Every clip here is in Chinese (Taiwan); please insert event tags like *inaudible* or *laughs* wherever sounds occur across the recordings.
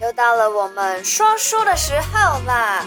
又到了我們說書的時候啦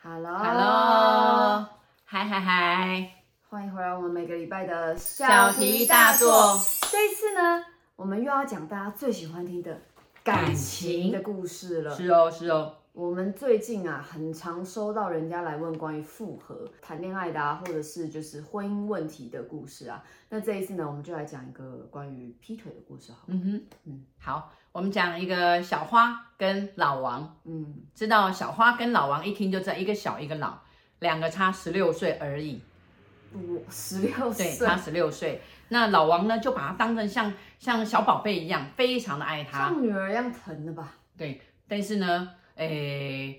！Hello，Hello，嗨嗨嗨！Hello, Hello. Hi, hi, hi. 歡迎回來，我們每個禮拜的小題大做，這一次呢，我們又要講大家最喜歡聽的感情的故事了。是哦，是哦。我們最近啊，很常收到人家來問關於復合、談戀愛的啊，或者是就是婚姻問題的故事啊。那這一次呢，我們就來講一個關於劈腿的故事，好。嗯哼，嗯，好，我們講一個小花跟老王。嗯，知道小花跟老王，一聽就知道一個小，一個老，兩個差十六歲而已。十六歲。對，差十六歲。那老王呢，就把他當成像像小寶貝一樣，非常的愛他，像女兒一樣疼的吧。對，但是呢。哎，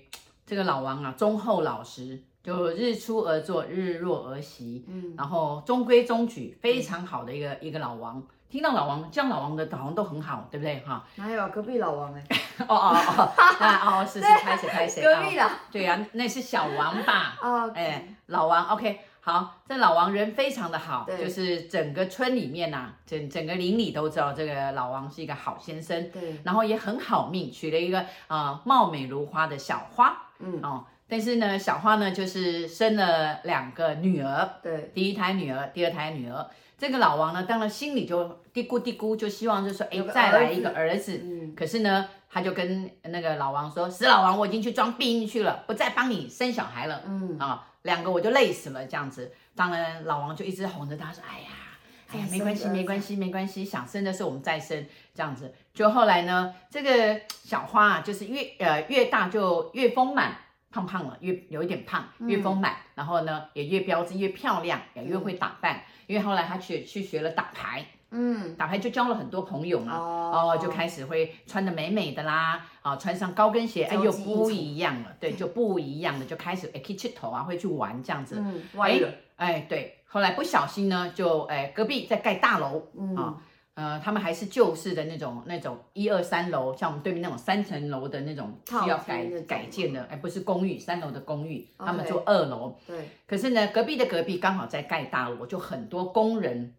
這個老王啊，忠厚老實，就日出而作，日落而息，嗯，然後中規中矩，非常好的一個、嗯、一個老王。聽到老王，這樣老王的好像都很好，對不對哈？啊？哪有、啊、隔壁老王哎、欸。 *laughs* 哦哦哦， *laughs* 啊哦，哦，是是 *laughs* 開始開始。隔壁的、啊。對呀、啊，那是小王吧？ *laughs* *laughs* 哦，哎、okay，老王，OK。好，這老王人非常的好，就是整個村裡面吶、啊，整整個鄰里都知道這個老王是一個好先生，對，然後也很好命，娶了一個、呃、貌美如花的小花，嗯哦，但是呢，小花呢就是生了兩個女兒，對，第一胎女兒，第二胎女兒，嗯、這個老王呢，當然心裡就嘀咕嘀咕，就希望就是說，哎，再來一個兒子、嗯，可是呢，他就跟那個老王說，嗯、死老王，我已經去裝避孕去了，不再幫你生小孩了，嗯啊。哦兩個我就累死了，這樣子，當然老王就一直哄着他說：“哎呀，哎呀，沒關係，沒關係，沒關係，想生的是我們再生，這樣子。”就後來呢，這個小花啊，就是越呃越大就越豐滿，胖胖了，越有一點胖，越豐滿，嗯、然後呢也越標緻，越漂亮，也越會打扮，嗯、因為後來她去去學了打牌。嗯，打牌就交了很多朋友嘛，啊哦，哦，就開始會穿得美美的啦，啊，穿上高跟鞋，哎又不一樣了對，對，就不一樣了，就開始哎去出頭啊，會去玩這樣子，嗯，玩哎，哎，對，後來不小心呢，就哎隔壁在蓋大樓，嗯，啊，呃，他們還是舊式的那種那種一二三樓，像我們對面那種三層樓的那種需要改改建的，哎，不是公寓，三樓的公寓，他們住二樓，哦，對，可是呢，隔壁的隔壁剛好在蓋大樓，就很多工人。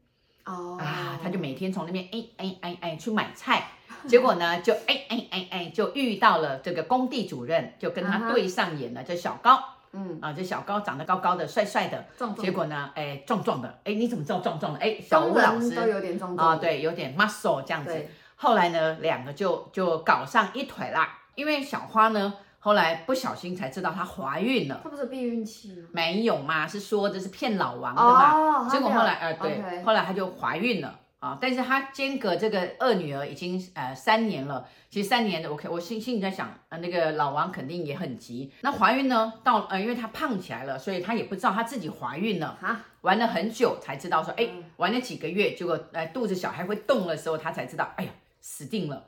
Oh. 啊，他就每天從那邊哎哎哎哎去買菜，結果呢就哎哎哎哎就遇到了這個工地主任，就跟他對上眼了，就小高，嗯啊，這小高長得高高的，帥帥的，的，結果呢，哎壯壯的，哎、欸、你怎麼這麼壯壯的？哎、欸，小吳老師都有點壯壯的啊，對，有點 muscle 這樣子。後來呢，兩個就就搞上一腿啦，因為小花呢。後來不小心才知道她懷孕了，她不是避孕期嗎？沒有嘛，是說這是騙老王的嘛？Oh, 結果後來，呃，對，okay. 後來她就懷孕了啊。但是她間隔這個二女兒已經呃三年了，其實三年的，OK，我，我心心裡在想，呃，那個老王肯定也很急。那懷孕呢，到呃，因為她胖起來了，所以她也不知道她自己懷孕了啊。Huh? 玩了很久才知道說，哎，玩了幾個月，結果呃肚子小孩會動的時候，她才知道，哎呀，死定了。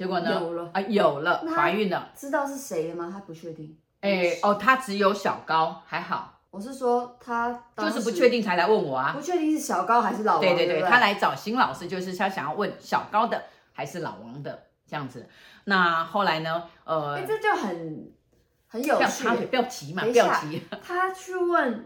結果呢？有了啊，有了，懷孕了。知道是誰了嗎？他不確定。哎、欸、哦，他只有小高還好。我是說他就是不確定才來問我啊。不確定是小高還是老王？對對對，對，對，他來找新老師，就是他想要問小高的還是老王的這樣子。那後來呢？呃，欸、這就很很有趣要。不要急嘛，不要急。他去問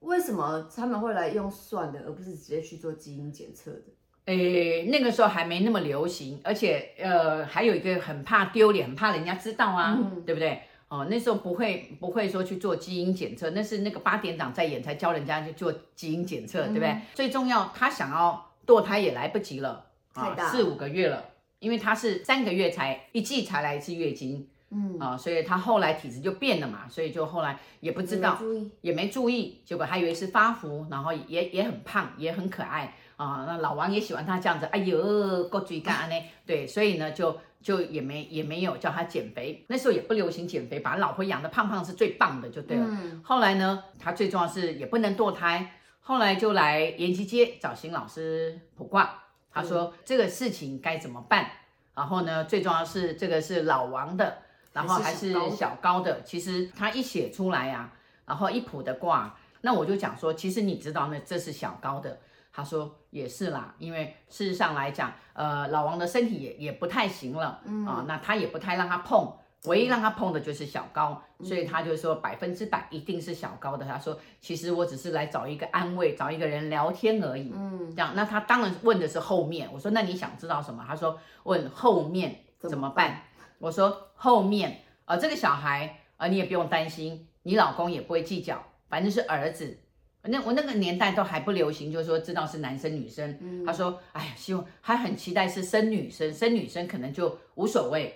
為什麼他們會來用算的，而不是直接去做基因檢測的。誒、欸，那個時候還沒那麼流行，而且呃，還有一個很怕丟臉，很怕人家知道啊，嗯、對不對？哦、呃，那時候不會不會說去做基因檢測，那是那個八點檔在演才教人家去做基因檢測、嗯，對不對？最重要，他想要墮胎也來不及了，呃、太大了，四五個月了，因為他是三個月才一季才來一次月經，嗯啊、呃，所以他後來體質就變了嘛，所以就後來也不知道，也沒注意，注意結果還以為是發福，然後也也很胖，也很可愛。啊，那老王也喜歡他這樣子，哎呦，夠追干呢。對，所以呢，就就也沒也沒有叫他減肥，那時候也不流行減肥，把老婆養得胖胖是最棒的，就對了、嗯。後來呢，他最重要是也不能墮胎，後來就來延吉街找邢老師卜卦，他說、嗯、這個事情該怎麼辦。然後呢，最重要是這個是老王的，然後還是小高的。高其實他一寫出來啊，然後一卜的卦，那我就講說，其實你知道呢，這是小高的。他說也是啦，因為事實上來講，呃，老王的身體也也不太行了，嗯啊、呃，那他也不太讓他碰，唯一讓他碰的就是小高、嗯，所以他就說百分之百一定是小高的。他說其實我只是來找一個安慰，找一個人聊天而已，嗯，這樣。那他當然問的是後面，我說那你想知道什麼？他說問後面怎麼辦？怎麼辦？我說後面，呃，這個小孩，呃，你也不用擔心，你老公也不會計較，反正是兒子。那我那個年代都還不流行，就是說知道是男生女生，嗯。他說：“哎呀，希望還很期待是生女生，生女生可能就無所謂，對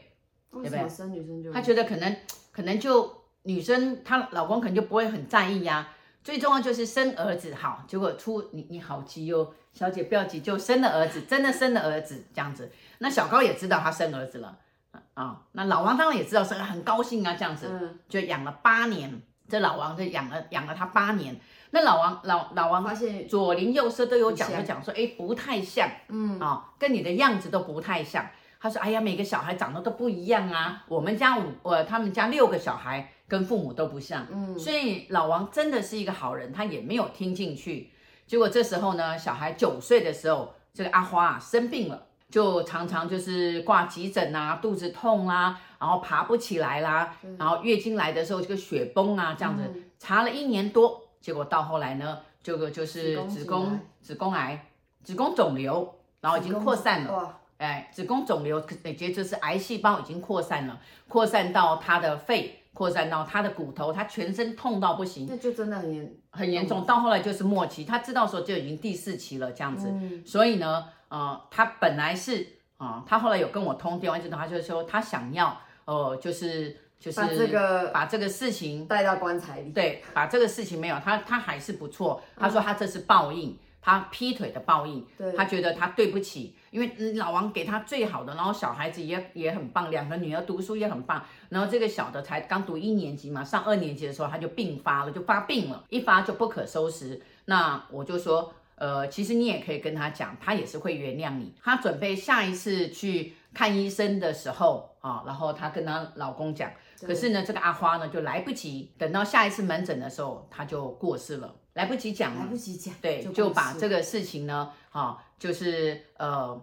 不對？生女生就……他覺得可能可能就女生，她老公可能就不會很在意呀。最重要就是生兒子好，結果出你你好急喲，哦，小姐不要急，就生了兒子，真的生了兒子這樣子。那小高也知道她生兒子了啊，哦，那老王當然也知道，是很高興啊，這樣子、嗯、就養了八年。”這老王就養了養了他八年，那老王老老王發現左鄰右舍都有講就講說，哎，不太像，嗯啊、哦，跟你的樣子都不太像。他說，哎呀，每個小孩長得都不一樣啊，我們家五呃，他們家六個小孩跟父母都不像，嗯，所以老王真的是一個好人，他也沒有聽進去。結果這時候呢，小孩九歲的時候，這個阿花啊生病了。就常常就是掛急診啊，肚子痛啦、啊，然後爬不起來啦，然後月經來的時候這個血崩啊，這樣子、嗯、查了一年多，結果到後來呢，這個就是子宮子宮癌、子宮腫瘤，然後已經擴散了，哎，子宮腫瘤也就是癌細胞已經擴散了，擴散到他的肺，擴散到他的骨頭，他全身痛到不行，這就真的很嚴很嚴重、嗯。到後來就是末期，他知道說就已經第四期了這樣子、嗯，所以呢。呃，他本來是啊、呃，他後來有跟我通電話，就他就是說他想要，呃，就是就是把這個把這個事情帶到棺材裡，對，把這個事情沒有，他他還是不錯，他說他這是報應，嗯、他劈腿的報應，對，他覺得他對不起，因為老王給他最好的，然後小孩子也也很棒，兩個女兒讀書也很棒，然後這個小的才剛讀一年級嘛，上二年級的時候他就病發了，就發病了，一發就不可收拾，那我就說。呃，其實你也可以跟他講，他也是會原諒你。他準備下一次去看醫生的時候啊，然後他跟他老公講。可是呢，這個阿花呢就來不及，等到下一次門診的時候，他就過世了，來不及講了，來不及講。對，就，就把這個事情呢，哈、啊，就是呃，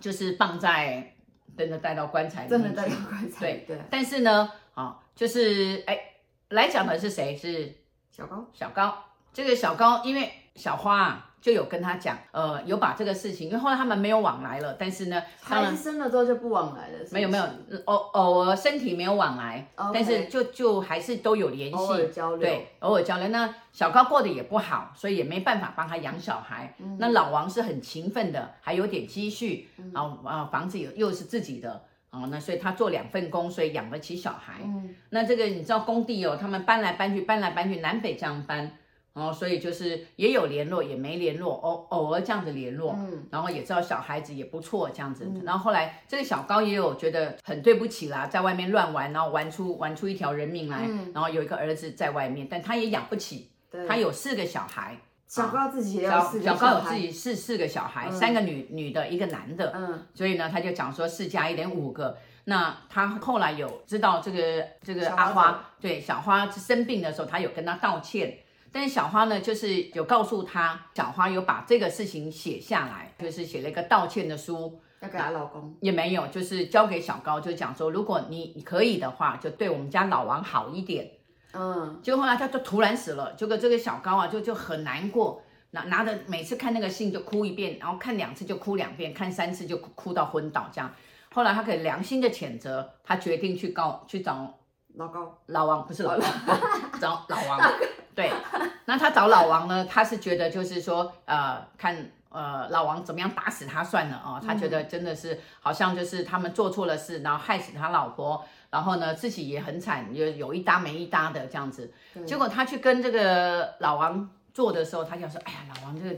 就是放在真的帶到棺材，真的帶到棺材。對對，對。但是呢，啊，就是哎，來講的是誰？是小高，小高。這個小高，因為。小花、啊、就有跟他講，呃，有把這個事情，因為後來他們沒有往來了。但是呢，孩子生了之後就不往來了。沒有沒有，偶偶爾身體沒有往來，okay. 但是就就還是都有聯繫，偶爾交流，對，偶爾交流那、嗯、小高過得也不好，所以也沒辦法幫他養小孩。嗯、那老王是很勤奮的，還有點積蓄，然後啊房子又又是自己的，哦，那所以他做兩份工，所以養得起小孩、嗯。那這個你知道工地哦，他們搬來搬去，搬來搬去，南北這樣搬。然後所以就是也有聯絡，也沒聯絡，偶、哦、偶爾這樣子聯絡，嗯，然後也知道小孩子也不錯這樣子、嗯。然後後來這個小高也有覺得很對不起啦，在外面亂玩，然後玩出玩出一條人命來、嗯，然後有一個兒子在外面，但他也養不起，他有四個小孩。啊、小高自己也要小、啊、小，小高有自己是四,四個小孩，嗯、三個女女的，一個男的，嗯，所以呢，他就講說四加一等於五個、嗯。那他後來有知道這個這個阿花，小花對小花生病的時候，他有跟他道歉。但是小花呢，就是有告訴他，小花有把這個事情寫下來，就是寫了一個道歉的書，要給她老公，也沒有，就是交給小高，就講說，如果你可以的話，就對我們家老王好一點，嗯，結果後來他就突然死了，結果這個小高啊，就就很難過，拿拿着每次看那個信就哭一遍，然後看兩次就哭兩遍，看三次就哭哭到昏倒這樣，後來他可以良心的譴責，他決定去告去找老、老高，老王不是老王，老王 *laughs* 找老王。 *laughs* *laughs* 對，那他找老王呢？他是覺得就是說，呃，看，呃，老王怎麼樣打死他算了啊，哦？他覺得真的是，嗯，好像就是他們做錯了事，然後害死他老婆，然後呢自己也很慘，有一搭沒一搭的這樣子。結果他去跟這個老王做的時候，他就說，哎呀，老王這個，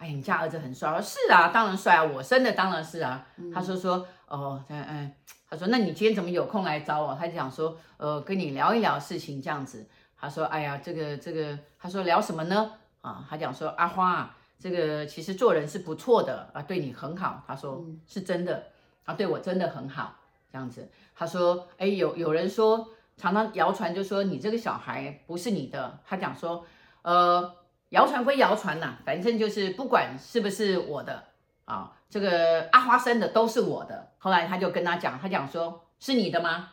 哎呀，你家兒子很帥、啊。我說是啊，當然帥啊，我生的當然是啊。嗯、他說說，哦，嗯嗯、哎，他說那你今天怎麼有空來找我？他就想說，呃，跟你聊一聊事情這樣子。他說：“哎呀，這個這個，他說聊什麼呢？啊、哦，他講說阿花、啊，這個其實做人是不錯的啊，對你很好。他說是真的，他、啊、對我真的很好。這樣子，他說，哎，有有人說，常常謠傳就說你這個小孩不是你的。他講說，呃，謠傳歸謠傳吶、啊，反正就是不管是不是我的啊、哦，這個阿花生的都是我的。後來他就跟他講，他講說是你的嗎？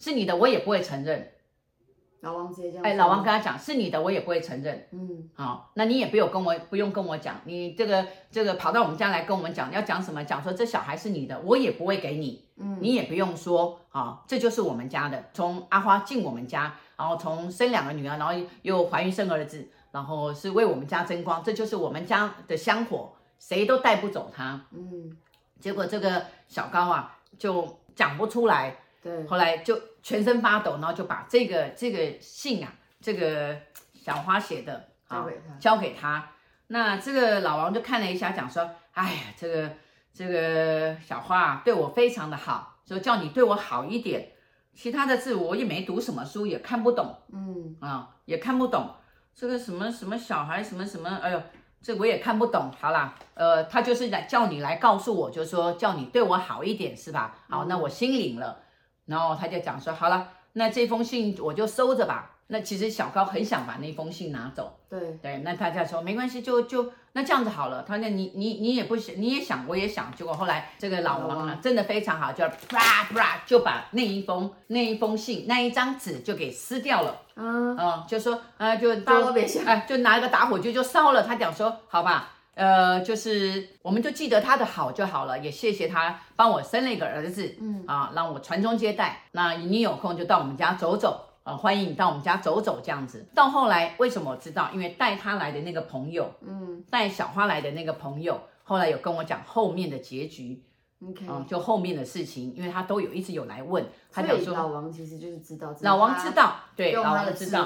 是你的，我也不會承認。”老王直接這樣。哎，老王跟他講，是你的我也不會承認。嗯，好、哦，那你也不用跟我，不用跟我講，你這個這個跑到我們家來跟我們講，要講什麼？講說這小孩是你的，我也不會給你。嗯，你也不用說啊、哦，這就是我們家的。從阿花進我們家，然後從生兩個女兒，然後又懷孕生兒子，然後是為我們家爭光，這就是我們家的香火，誰都帶不走他。嗯，結果這個小高啊，就講不出來。對，後來就全身發抖，然後就把這個這個信啊，這個小花寫的、啊、交給他，交給他。那這個老王就看了一下，講說：“哎呀，這個這個小花、啊、對我非常的好，說叫你對我好一點。其他的字我也沒讀什麼書，也看不懂。嗯啊，也看不懂這個什麼什麼小孩什麼什麼。哎呦，這我也看不懂。好啦，呃，他就是來叫你來告訴我，就說叫你對我好一點，是吧？好，那我心領了。嗯”然、no, 後他就講說，好了，那這封信我就收着吧。那其實小高很想把那封信拿走。對對，那他就說沒關係，就就那這樣子好了。他那你你你也不想，你也想，我也想。結果後來這個老王呢，真的非常好，就啪啦啪啦就把那一封那一封信那一張紙就給撕掉了。啊、嗯、啊、嗯，就說呃就大家都別想、呃、就拿個打火機就燒了。他講說，好吧。呃，就是我們就記得他的好就好了，也謝謝他幫我生了一個兒子，嗯，啊，讓我傳宗接代。那你有空就到我們家走走，啊，歡迎你到我們家走走，這樣子。到後來為什麼我知道？因為帶他來的那個朋友，嗯，帶小花來的那個朋友，後來有跟我講後面的結局。Okay. 嗯，就後面的事情，因為他都有一直有來問，他講說，老王其實就是知道，老王知道，他他對老王知道，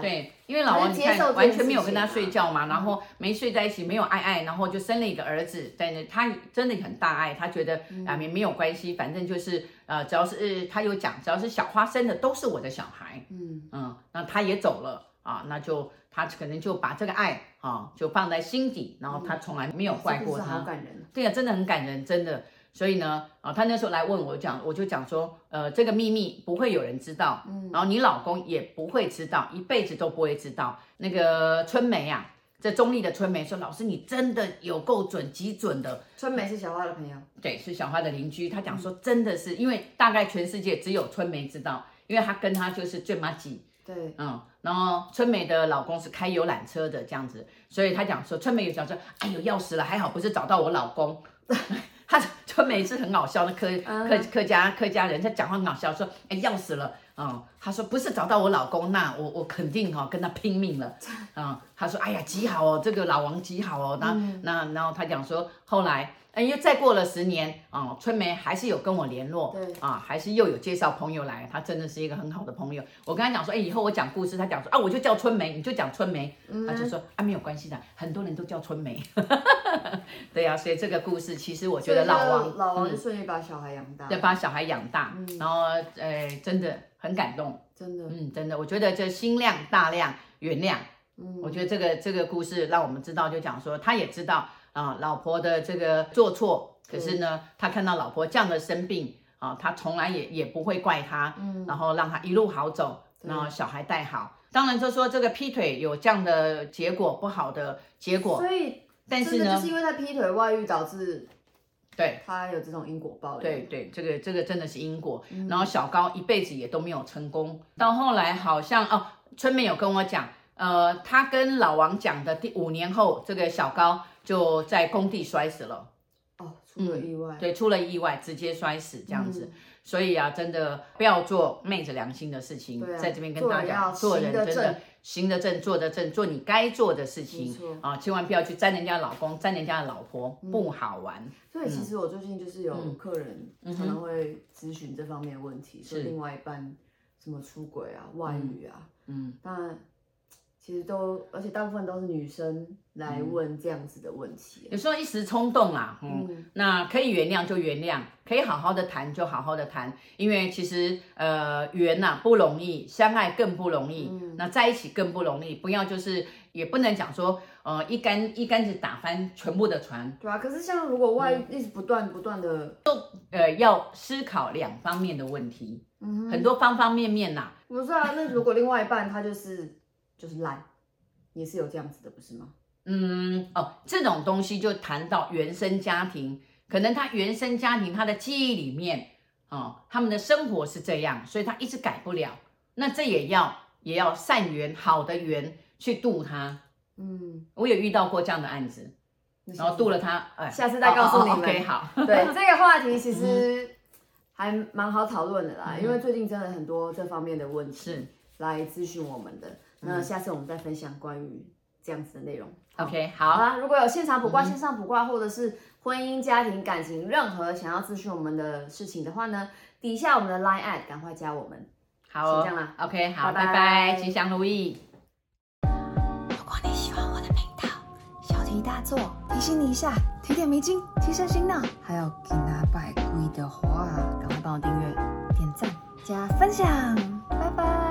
對，因為老王你看，啊、完全沒有跟他睡覺嘛，嗯，然後沒睡在一起，沒有愛愛，然後就生了一個兒子，在那他真的很大愛，他覺得兩邊，嗯、沒有關係，反正就是呃，只要是，呃、他有講，只要是小花生的都是我的小孩，嗯嗯，那他也走了啊，那就他可能就把這個愛啊就放在心底，然後他從來沒有怪過他，嗯，對呀、啊，真的很感人，真的。所以呢，啊、哦，他那時候來問我講，我就講說，呃，這個祕密不會有人知道，嗯，然後你老公也不會知道，一輩子都不會知道。那個春梅啊，這中立的春梅說，老師你真的有夠準，極準的。春梅是小花的朋友，對，是小花的鄰居。她講說，真的是、嗯、因為大概全世界只有春梅知道，因為她跟她就是最麻吉。對，嗯，然後春梅的老公是開遊覽車的這樣子，所以她講說，春梅有講說，哎呦要死了，還好不是找到我老公，她。 *laughs* 春梅是很搞笑的客客、uh -huh. 客家客家人他講話很搞笑，說、欸、要死了啊、嗯！他說不是找到我老公那我，我我肯定哈、哦、跟他拼命了啊、嗯！他說哎呀極好哦，這個老王極好哦。那、嗯、那，那然後他講說後來哎、欸、又再過了十年啊，哦、春梅還是有跟我聯絡，對啊，還是又有介紹朋友來。他真的是一個很好的朋友。我跟他講說哎、欸、以後我講故事，他講說啊我就叫春梅，你就講春梅、嗯。他就說啊沒有關係的，很多人都叫春梅。 *laughs* *laughs* 對呀、啊，所以這個故事其實我覺得老王就老王是順利把小孩養大，對、嗯、把小孩養大、嗯，然後哎、呃、真的很感動，真的，嗯，真的，我覺得這心量大量，原量原諒，嗯，我覺得這個這個故事讓我們知道，就講說他也知道啊，老婆的這個做錯，可是呢，他看到老婆這樣的生病啊，他從來也也不會怪他、嗯，然後讓他一路好走，然後小孩帶好，當然就說這個劈腿有這樣的結果，不好的結果，所以。但是呢，是是就是因為他劈腿外遇導致，對他有這種因果報應。對對，這個這個真的是因果。然後小高一輩子也都沒有成功。嗯、到後來好像哦，村民有跟我講，呃，他跟老王講的第五年後，這個小高就在工地摔死了。出了意外，嗯，對，出了意外，直接摔死這樣子，嗯，所以啊，真的不要做昧着良心的事情，啊，在這邊跟大家講做人，做人的真的行得正，坐得正，做你該做的事情啊，千萬不要去沾人家老公，沾人家的老婆，嗯，不好玩。所以其實我最近就是有客人常，嗯，常會諮詢這方面的問題，是，嗯，另外一半什麼出軌啊、外遇啊，嗯，嗯其實都，而且大部分都是女生來問這樣子的問題、嗯。有時候一時衝動啦、啊嗯，嗯，那可以原諒就原諒，可以好好的談就好好的談。因為其實呃，緣吶、啊、不容易，相愛更不容易、嗯，那在一起更不容易。不要就是也不能講說呃一竿一竿子打翻全部的船。對啊，可是像如果外、嗯、一直不斷不斷的都呃要思考兩方面的問題，嗯、哼很多方方面面吶、啊。我說啊，那如果另外一半他就是。 *laughs* 就是爛，也是有這樣子的，不是嗎？嗯，哦，這種東西就談到原生家庭，可能他原生家庭他的記憶裡面，哦，他們的生活是這樣，所以他一直改不了。那這也要也要善緣好的緣去度他。嗯，我也遇到過這樣的案子，然後度了他，哎，下次再告訴你們。哦哦，okay, 好。 *laughs* 對，這個話題其實還蠻好討論的啦，嗯，因為最近真的很多這方面的問題來諮詢我們的。嗯、那下次我們再分享關於這樣子的內容。OK 好啦，啊！如果有現場卜卦，嗯、線上卜卦，或者是婚姻、家庭、感情，任何想要諮詢我們的事情的話呢，底下我們的 LINE ID，趕快加我們。好，哦，先這樣啦 OK，好拜拜，拜拜，吉祥如意。如果你喜歡我的頻道，小題大做提醒你一下，提點迷津，提神醒腦。還有給拿百貴的話，趕快幫我訂閱、點讚、加分享。拜拜。